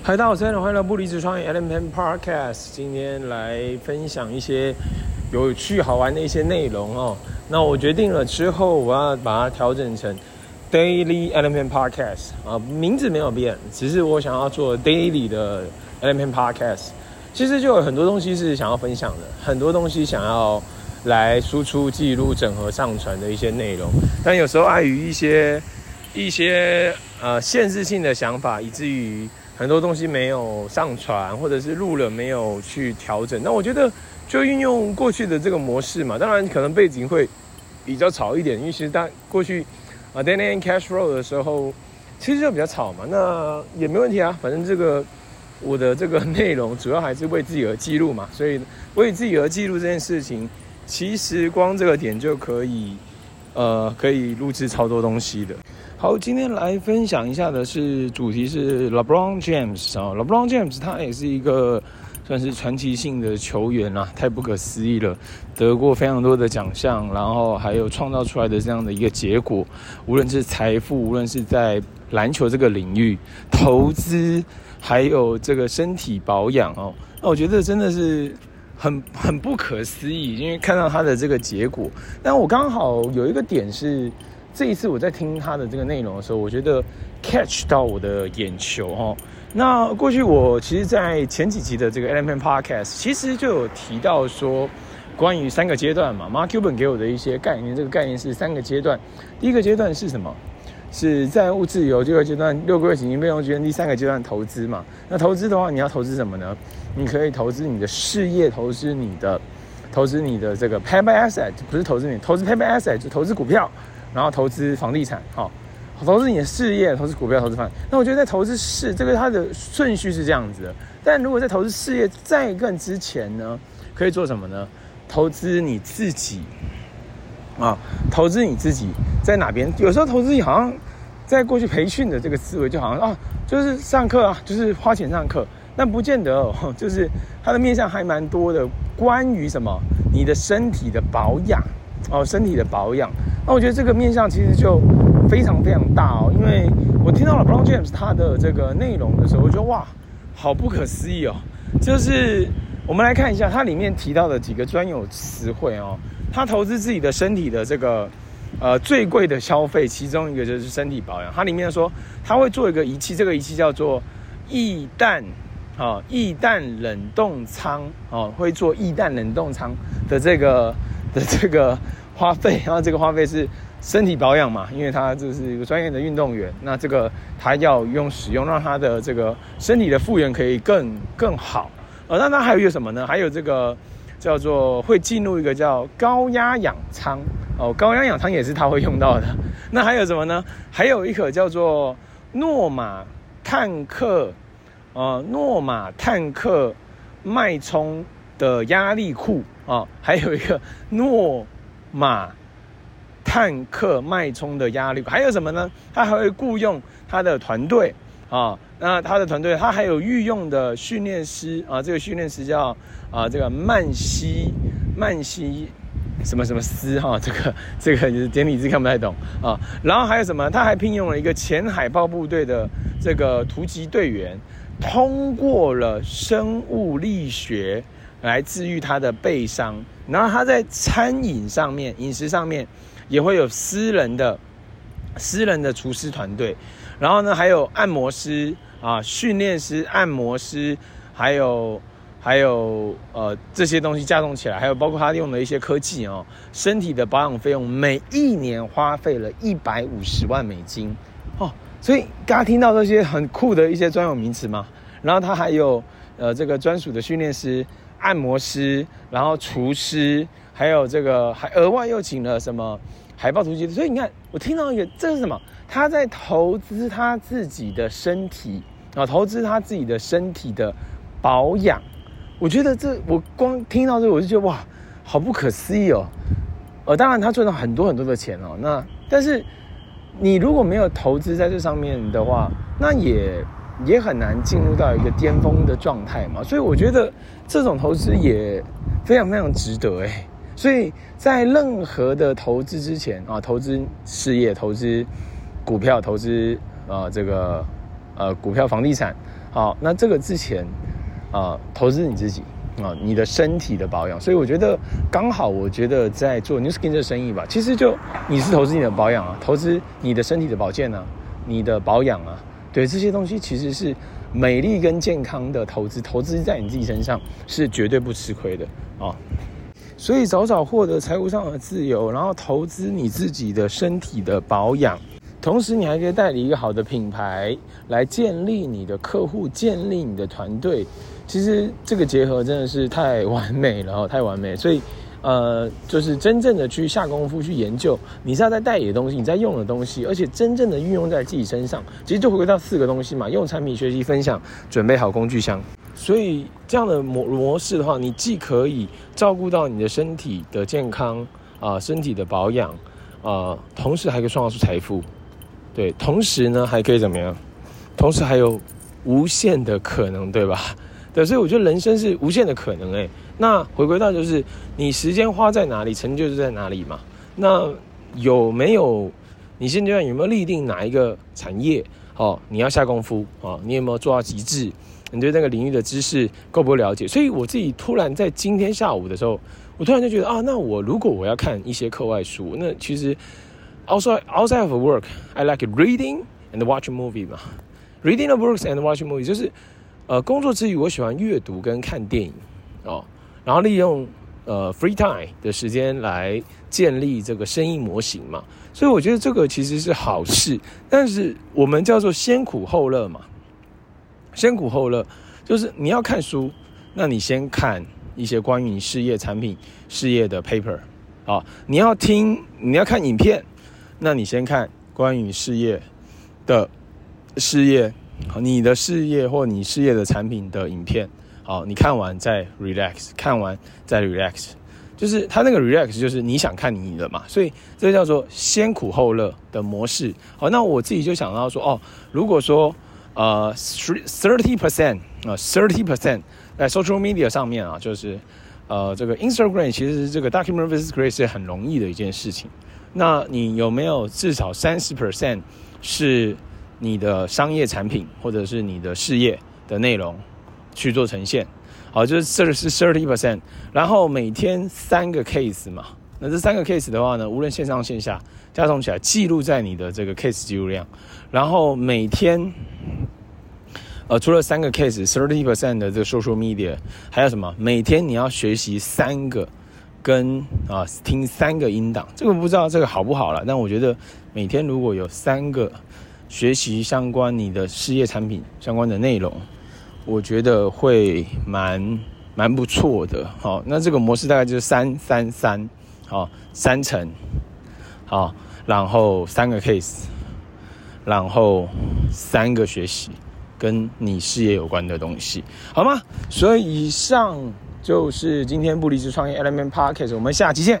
嗨，大家好，歡迎來到不離職創業 Element Podcast。今天來分享一些有趣好玩的一些內容哦。那我決定了之後，我要把它調整成 Daily Element Podcast。啊、呃，名字沒有變，只是我想要做 Daily 的 Element Podcast。其實就有很多東西是想要分享的，很多東西想要來輸出、記錄、整合、上傳的一些內容。但有時候礙於一些一些呃限制性的想法，以至於。很多東西沒有上傳，或者是錄了沒有去調整。那我覺得就運用過去的這個模式嘛。當然可能背景會比較吵一點，因為其實當過去啊 Allen Cash Flow 的時候，其實就比較吵嘛。那也沒問題啊，反正這個我的這個內容主要還是為自己而記錄嘛。所以為自己而記錄這件事情，其實光這個點就可以呃可以錄制超多東西的。好，今天來分享一下的是主題是 LeBron James，哦，LeBron James 他也是一個算是傳奇性的球員啊，太不可思議了，得過非常多的獎項，然後還有創造出來的這樣的一個結果，無論是財富，無論是在籃球這個領域、投資，還有這個身體保養哦，那我覺得真的是很很不可思議，因為看到他的這個結果，但我剛好有一個點是。這一次我在聽他的這個內容的時候，我覺得 catch 到我的眼球哈、哦。那過去我其實，在前幾集的這個 Element Podcast 其實就有提到說，關於三個階段嘛。Mark Cuban 給我的一些概念，這個概念是三個階段。第一個階段是什麼？是債務自由這個階段，第二個階段，六個月緊急備用金。第三個階段投資嘛。那投資的話，你要投資什麼呢？你可以投資你的事業，投資你的，投資你的這個 Paper Asset，不是投資你，投資 Paper Asset 就投資股票。然後投資房地產、哦，投資你的事業，投資股票，投資房。那我覺得在投資是這個它的順序是這樣子的。但如果在投資事業再更之前呢，可以做什麼呢？投資你自己，啊、哦，投資你自己在哪邊？有時候投資你好像在過去培訓的這個思維，就好像啊、哦，就是上課啊，就是花錢上課，但不見得哦。就是它的面向還蠻多的，關於什麼你的身體的保養哦，身體的保養。那、啊、我覺得這個面向其實就非常非常大哦，因為我聽到了 LeBron James 他的這個內容的時候，我覺得哇，好不可思議哦。就是我們來看一下他裡面提到的幾個專有詞彙哦，他投資自己的身體的這個呃最貴的消費，其中一個就是身體保養。他裡面說他會做一個儀器，這個儀器叫做液氮啊，液氮冷凍艙啊，會做液氮冷凍艙的這個的這個。花費，然後這個花費是身體保養嘛？因為他就是一個專業的運動員，那這個他要用使用，讓他的這個身體的復原可以更更好。呃、哦，那他還有一個什麼呢？還有這個叫做會進入一個叫高壓氧艙哦，高壓氧艙也是他會用到的。那還有什麼呢？還有一個叫做諾馬探客啊，諾、呃、馬探客脈衝的壓力庫啊、哦，還有一個諾。馬坦克脈衝的壓力，還有什麼呢？他還會僱傭他的團隊啊，那他的團隊，他還有御用的訓練師啊，這個訓練師叫啊這個曼西曼西什麼什麼斯哈、啊，這個這個、這個、簡體字看不太懂啊。然後還有什麼？他還聘用了一個前海豹部隊的這個突擊隊員，通過了生物力學來治癒他的背傷。然後他在餐飲上面，飲食上面也會有私人的，私人的廚師團隊，然後呢，還有按摩師啊、訓練師、按摩師，還有還有呃這些東西架動起來，還有包括他用的一些科技哦，身體的保養費用每一年花費了一百五十萬美金哦，所以大家聽到這些很酷的一些專有名詞嘛，然後他還有呃這個專屬的訓練師。按摩師，然後廚師，還有這個還額外又請了什麼海豹突擊。所以你看，我聽到一個，這是什麼？他在投資他自己的身體，然後投資他自己的身體的保養。我覺得這，我光聽到這，我就覺得哇，好不可思議哦。呃、哦，當然他賺了很多很多的錢哦。那但是你如果沒有投資在這上面的話，那也。也很難進入到一個巔峰的狀態嘛，所以我覺得這種投資也非常非常值得哎。所以在任何的投資之前啊，投資事業、投資股票、投資啊這個呃、啊、股票、房地產，好，那這個之前啊，投資你自己啊，你的身體的保養。所以我覺得剛好，我覺得在做 New Skin 的生意吧，其實就你是投資你的保養啊，投資你的身體的保健呢、啊，你的保養啊。對，這些東西其實是美麗跟健康的投資，投資在你自己身上是絕對不吃虧的啊、哦！所以早早獲得財務上的自由，然後投資你自己的身體的保養，同時你還可以代理一個好的品牌，來建立你的客戶，建立你的團隊。其實這個結合真的是太完美了，太完美，所以。呃，就是真正的去下功夫去研究，你是要在代理的東西，你在用的東西，而且真正的運用在自己身上，其實就回歸到四個東西嘛：用產品、學習、分享、準備好工具箱。所以這樣的模模式的話，你既可以照顧到你的身體的健康啊、呃，身體的保養啊、呃，同時還可以創造出財富，對，同時呢還可以怎麼樣？同時還有無限的可能，對吧？可是我覺得人生是無限的可能哎、欸。那回歸到就是，你時間花在哪裡，成就就在哪裡嘛。那有沒有，你現階段有沒有立定哪一個產業？哦，你要下功夫哦。你有沒有做到極致？你對那個領域的知識夠不夠了解？所以我自己突然在今天下午的時候，我突然就覺得啊，那我如果我要看一些課外書，那其實 outside outside of work，I like reading and watching movie 嘛，reading a books and watch movie 就是。呃，工作之餘，我喜歡閱讀跟看電影，哦，然後利用呃 free time 的時間來建立這個生意模型嘛，所以我覺得這個其實是好事，但是我們叫做先苦後樂嘛，先苦後樂就是你要看書，那你先看一些關於你事業、產品、事業的 paper，啊、哦，你要聽、你要看影片，那你先看關於事業的事業。你的事業或你事業的產品的影片，好，你看完再 relax，看完再 relax，就是他那個 relax，就是你想看你的嘛，所以這叫做先苦後樂的模式。好，那我自己就想到說，哦，如果說呃，thirty percent 啊，thirty percent 在 social media 上面啊，就是呃，這個 Instagram 其實這個 documentary 是很容易的一件事情。那你有沒有至少三十 percent 是？你的商業產品或者是你的事業的內容去做呈現，好，就是這個是 thirty percent，然後每天三個 case 嘛，那這三個 case 的話呢，無論線上線下加總起來記錄在你的這個 case 記錄量，然後每天，呃，除了三個 case thirty percent 的這個 social media，還有什麼？每天你要學習三個，跟啊聽三個音檔，這個不知道這個好不好啦，但我覺得每天如果有三個。學習相關你的事業產品相關的內容，我覺得會蠻蠻不錯的。好，那這個模式大概就是三三三，好，三層，好，然後三個 case，然後三個學習跟你事業有關的東西，好嗎？所以以上就是今天不離職創業 Element Podcast，我們下期見。